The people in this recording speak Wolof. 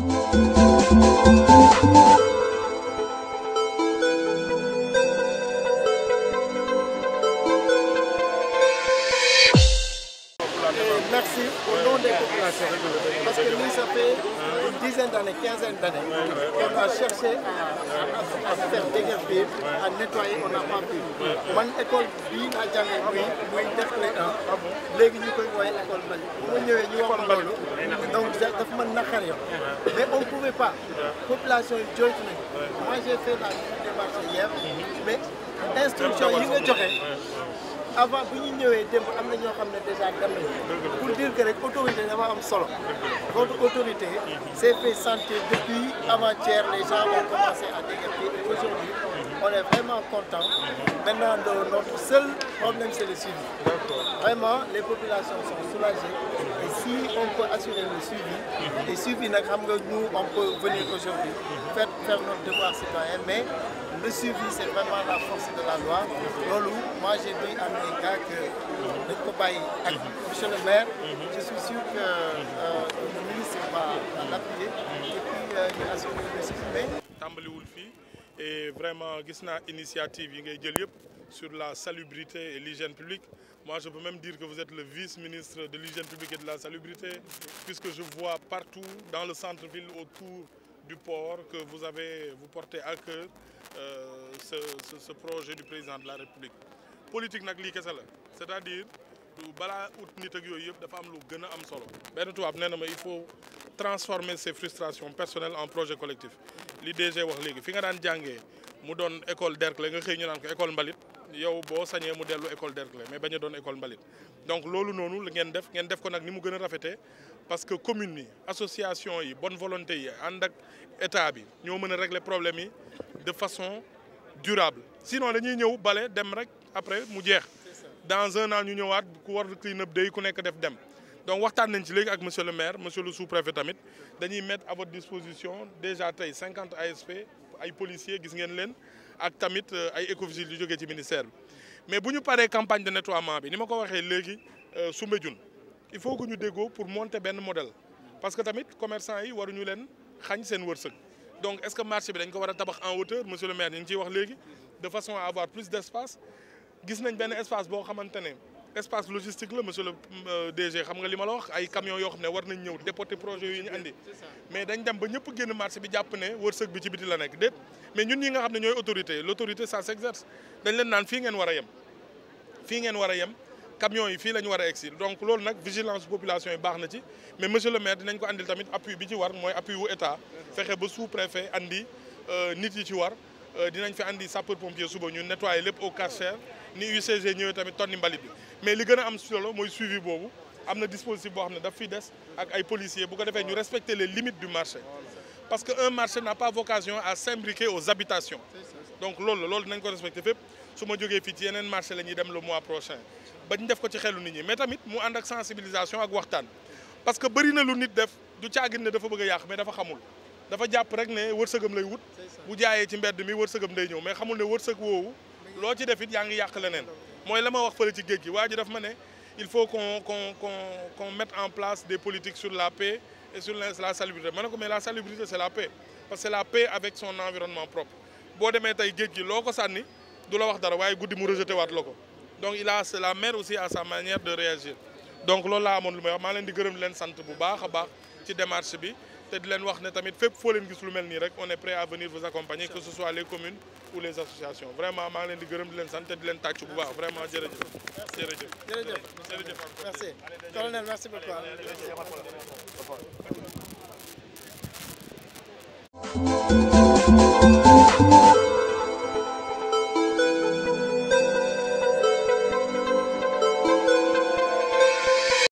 merci au nom des populations. Parce que nous, ça fait une dizaine d'années, quinzaine d'années qu'on a cherché à, faire déguerpir, à nettoyer, on n'a pas pu. Mon école, bien à Djamé, oui, les gens qui wooyee école Mali bu de ñëwee ñu wax ma daf mais on ne pouvait pas la population est jooytu moi j'ai fait la démarche hier mais instruction yi nga joxe avant que ñu ñëwee démb am na ñoo déjà dem nañu pour dire que rek autorité dafa am solo votre autorité s'est fait sentir depuis avant-hier les gens ont commencé à dégager aujourd'hui on est vraiment content. Maintenant, notre seul problème, c'est le suivi. Vraiment, les populations sont soulagées. Et si on peut assurer le suivi, mhm. et suivi, nous, on peut venir aujourd'hui, mhm. faire, faire notre devoir citoyen, mais le suivi, c'est vraiment la force de la loi. moi j'ai vu à mes gars que notre compagnie mhm. monsieur le maire, je suis sûr que euh, le ministre va l'appuyer et puis euh, il le suivi et vraiment gis initiative yi sur la salubrité et l'hygiène publique moi je peux même dire que vous êtes le vice-ministre de l'hygiène publique et de la salubrité puisque je vois partout dans le centre-ville autour du port que vous avez vous portez à cœur euh, ce, projet du président de la République politique n'a que ça c'est-à-dire il faut transformer ses frustrations personnelles en projet collectif li wax léegi fi nga dan jangé mu doon école Derklé nga xey ñu naan ko école Mbalit yow bo sañé mu dellu école Derklé mais baña a école Mbalit. donc lolu nonu la ngeen def ngeen def ko nak ni mu gëna a parce que commune ni association yi bonne volonté yi ànd ak état bi ñoo mëna régler problème yi de façon durable sinon dañuy ñëw bale dem rek après mu jeex. dans un an ñu ñëwaat ku war clean up day ku nekk def dem donc nous nañ ci léegi ak monsieur le maire monsieur le sous-préfet tamit dañuy mettre à votre disposition déjà 50 50 ASP ay policiers gis ngeen leen ak tamit euh, ay écovigiles ci ministère mais bu ñu campagne de nettoyage, bi ni ma ko waxee léegi euh, il faut que nous dégo pour monter un modèle parce que tamit commerçant yi nous leen qu'ils seen wërsëg donc est-ce que marché bi dañ en hauteur monsieur le maire nous ngi de façon à avoir plus d'espace gis nañ un espace qui le espace logistique là, monsieur le euh, DG xam nga lima la wax ay camions yo xamné war nañ ñëw déporter projet yu ñu andi. mais dañ dem ba ñëpp génn marché bi japp né wërsëg bi ci biti la nek dét mais ñun ñi nga xamné ñoy autorité l'autorité ça s'exerce exerce dañ leen naan fi ngeen wara a yem fii ngeen war yem camions yi fi la wara war donc lool nak vigilance population yi baax na ci mais monsieur le maire dinañ ko andil tamit appui bi ci war moy appui wu état fexé ba sous préfet andi euh, nit yi ci war euh, dinañ fi andi sapeur pompier suba ñu nettoyer lépp au karcher ni UCG ñëwee tamit tonni mbalit bi mais li gëna am solo moy suivi bobu amna dispositif bo xamné daf fi dess ak ay policiers bu ko défé ñu respecter les limites du marché parce que un marché n'a pas vocation à s'imbriquer aux habitations donc loolu loolu nañ ko respecter fep suma joggé fi ci yenen marché lañuy ñuy dem le mois prochain bañ def ko ci xélu nit ñi mais tamit mu and ak sensibilisation ak waxtaan parce que bari na lu nit def du caagin ne dafa bëgg yaax mais dafa xamul dafa japp rek ne wërsegum lay wut bu jaayé ci mbedd mi wërsegum day ñëw mais xamul ne wërsëg woowu loo ci def it yaa ngi yàq leneen mooy la ma wax fële ci géej gi waa daf ma ne il faut qu'on qu'on qu'on qu'on mette en place des politiques sur la paix et sur la salubrité ma ne mais la salubrité c'est la paix parce que la paix avec son environnement propre boo demee tey géej gi loo ko sànni du la wax dara waaye guddi mu rejeté waat la donc il a la mer aussi à sa manière de réagir donc loolu laa amoon lu may wax maa leen di gërëm leen sant bu baax a ci démarche bi on est prêt à venir vous accompagner que ce soit les communes ou les associations vraiment je vous remercie. de Merci. vraiment merci colonel merci hein.